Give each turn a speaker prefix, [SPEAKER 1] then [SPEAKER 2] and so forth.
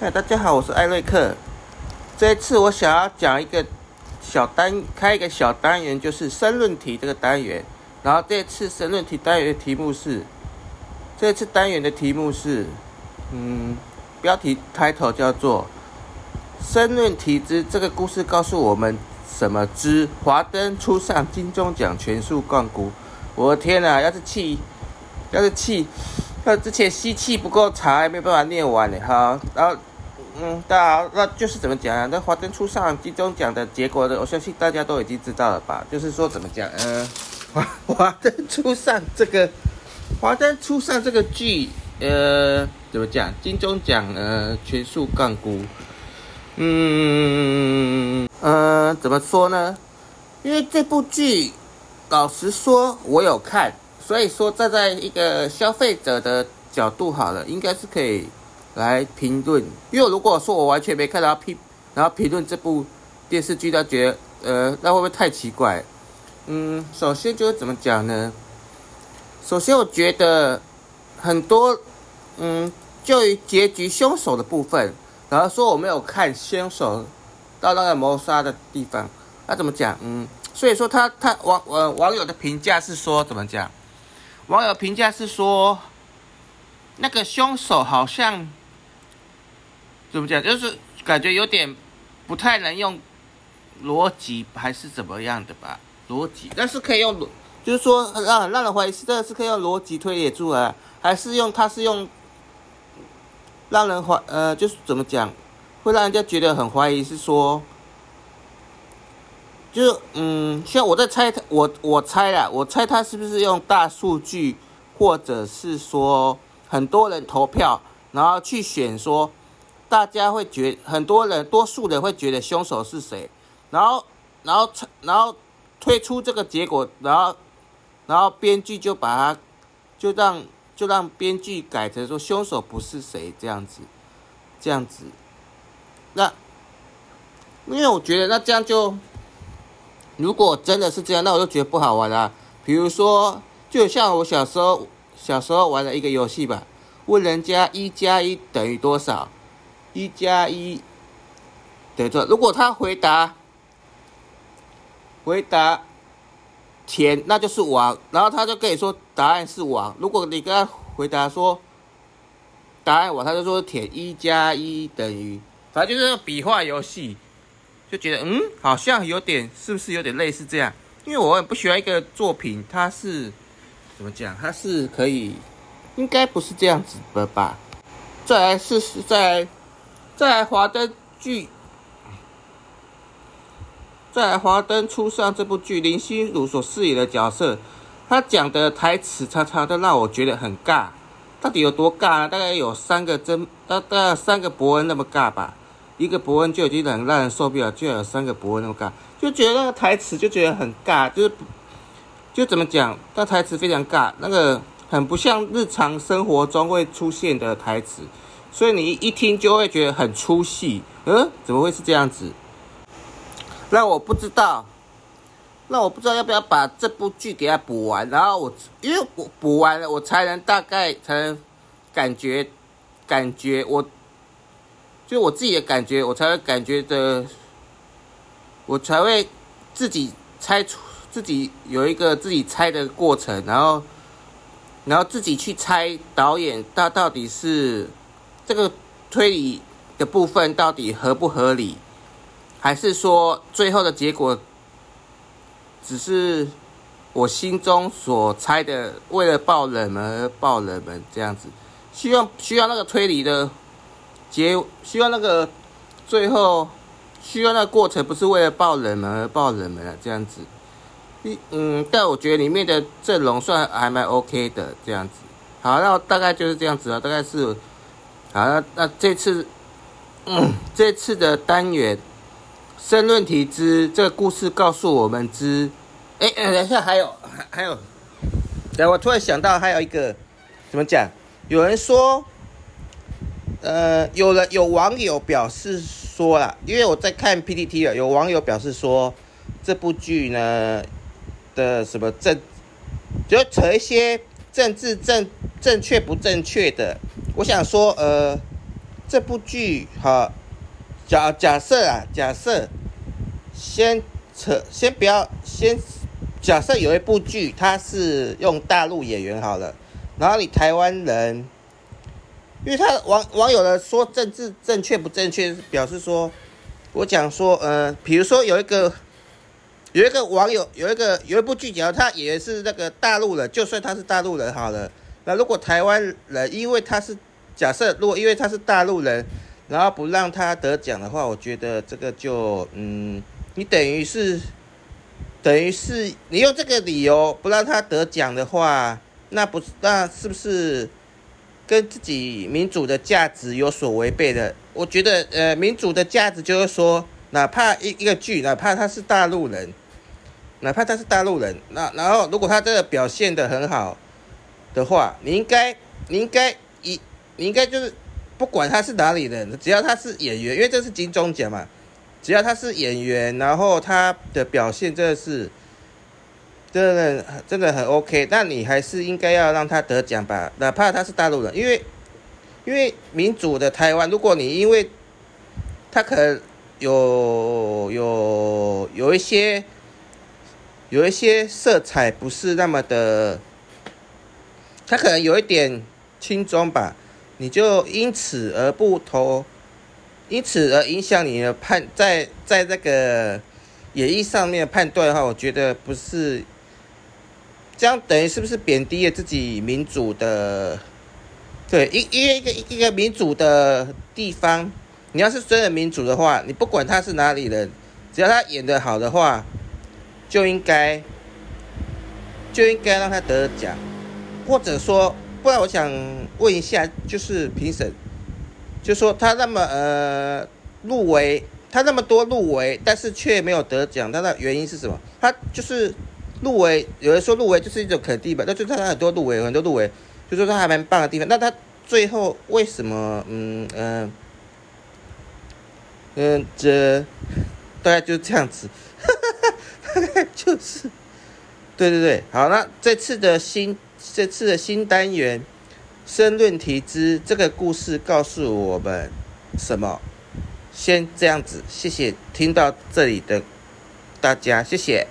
[SPEAKER 1] 嗨，hey, 大家好，我是艾瑞克。這次我想要講一個小單，開一個小單元，就是申論題這個單元。然後這次申論題單元的題目是，這次單元的題目是，嗯，標題 title 叫做申論題之這個故事告訴我們什麼之華燈初上，金鐘獎全數槓龜。我的天吶、啊，要是氣，要是氣，那之前吸氣不夠長，沒有辦法念完的哈。然後。嗯，大家好，那就是怎麼講、啊？那《華燈初上》金鐘獎的結果呢，我相信大家都已經知道了吧？就是說怎麼講？嗯、呃，《華燈初上》這個，《華燈初上》這個劇，呃，怎麼講？金鐘獎呃，全數槓龜。嗯嗯嗯嗯嗯嗯嗯怎麼說呢？因為這部劇老實說，我有看，所以說站在一個消費者的角度好了，應該是可以來評論，因為如果說我完全沒看到他評，然後評論這部電視劇，他覺得呃，那會不會太奇怪？嗯，首先就是怎麼講呢？首先我覺得很多，嗯，就於結局兇手的部分，然後說我沒有看兇手到那個謀殺的地方，他、啊、怎麼講？嗯，所以說他他網、呃、網友的評價是說怎麼講？網友評價是說那個兇手好像。怎麼講？就是感覺有點不太能用邏輯還是怎麼樣的吧？邏輯，但是可以用邏，就是說讓、啊、讓人懷疑是這個是可以用邏輯推理出來，還是用他是用讓人懷呃，就是怎麼講，會讓人家覺得很懷疑，是說，就嗯，像我在猜他，我我猜啊，我猜他是不是用大數據，或者是說很多人投票，然後去選說。大家會覺得很多人，多數人會覺得凶手是誰？然後，然後，然後推出這個結果，然後，然後編劇就把它就讓就讓編劇改成說凶手不是誰這樣子，這樣子。那因為我覺得那這樣就如果真的是這樣，那我就覺得不好玩啦、啊。比如說，就像我小時候小時候玩了一個遊戲吧，問人家一加一等於多少？一加一等於？如果他回答，回答田，那就是王，然後他就可以說答案是王。如果你跟他回答說答案王，他就說田一加一等於。反正就是筆畫遊戲，就覺得嗯，好像有點，是不是有點類似這樣？因為我也不喜歡一個作品，它是怎麼講？它是可以，應該不是這樣子的吧？再來試試，再來。在華燈劇，在華燈初上這部劇，林心如所飾演的角色，他講的台詞常常都讓我覺得很尬。到底有多尬呢？大概有三個真，啊，大概三個博恩那麼尬吧。一個博恩就已經很讓人受不了，就有三個博恩那麼尬，就覺得那個台詞就覺得很尬，就是就怎麼講，那台詞非常尬，那個很不像日常生活中會出現的台詞。所以你一聽就會覺得很出戲，嗯？怎麼會是這樣子？那我不知道，那我不知道要不要把這部劇給它補完，然後我因為我補完了，我才能大概才能感覺，感覺我就我自己的感覺，我才會感覺的，我才會自己猜出自己有一個自己猜的過程，然後然後自己去猜導演他到底是。這個推理的部分到底合不合理，還是說最後的結果只是我心中所猜的？為了爆冷門而爆冷門這樣子，需要需要那個推理的結，結需要那個最後需要那個過程，不是為了爆冷門而爆冷門啊這樣子。嗯，但我覺得裡面的陣容算還蠻 OK 的這樣子。好，那我大概就是這樣子啊，大概是。好那，那這次，嗯、這次的單元，申論題之這個故事告訴我們之，哎，等一下還有，還有，等我突然想到還有一個，怎麼講？有人說，呃，有人有網友表示說啦，因為我在看 PTT 啊，有網友表示說這部劇呢的什麼政，就扯一些政治正正確不正確的。我想說，呃，這部劇哈，假假設啊，假設先扯，先不要先假設有一部劇，他是用大陸演員好了，然後你台灣人，因為他網網友的說政治正確不正確，表示說，我講說，呃，比如說有一個有一個網友，有一個有一部劇集，他也是那個大陸人，就算他是大陸人好了，那如果台灣人，因為他是。假設如果因為他是大陸人，然後不讓他得獎的話，我覺得這個就嗯，你等於是等於是你用這個理由不讓他得獎的話，那不那是不是跟自己民主的價值有所違背的？我覺得呃，民主的價值就是說，哪怕一一個劇，哪怕他是大陸人，哪怕他是大陸人，那然後如果他真的表現得很好的話，你應該你應該。你應該就是不管他是哪裡人，只要他是演員，因為這是金鐘獎嘛。只要他是演員，然後他的表現真的是真的真的很 OK。那你還是應該要讓他得獎吧，哪怕他是大陸人，因為因為民主的台灣，如果你因為他可能有有有一些有一些色彩不是那麼的，他可能有一點輕裝吧。你就因此而不投，因此而影響你的判，在在那個演繹上面的判斷的話，我覺得不是這樣，等於是不是貶低了自己民主的？對，因為一個一個民主的地方，你要是真的民主的話，你不管他是哪裡人，只要他演得好的話，就應該就應該讓他得獎，或者說。不然我想問一下，就是評審，就說他那麼呃入圍，他那麼多入圍，但是卻沒有得獎，他的原因是什麼？他就是入圍，有人說入圍就是一種肯定吧？那就是他很多入圍，很多入圍，就說他還蠻棒的地方。那他最後為什麼嗯、呃、嗯嗯這大概就是這樣子，哈哈哈哈哈，就是對對對，好，那這次的新。這次的新單元，申論題之這個故事告訴我們什麼？先這樣子，謝謝聽到這裡的大家，謝謝。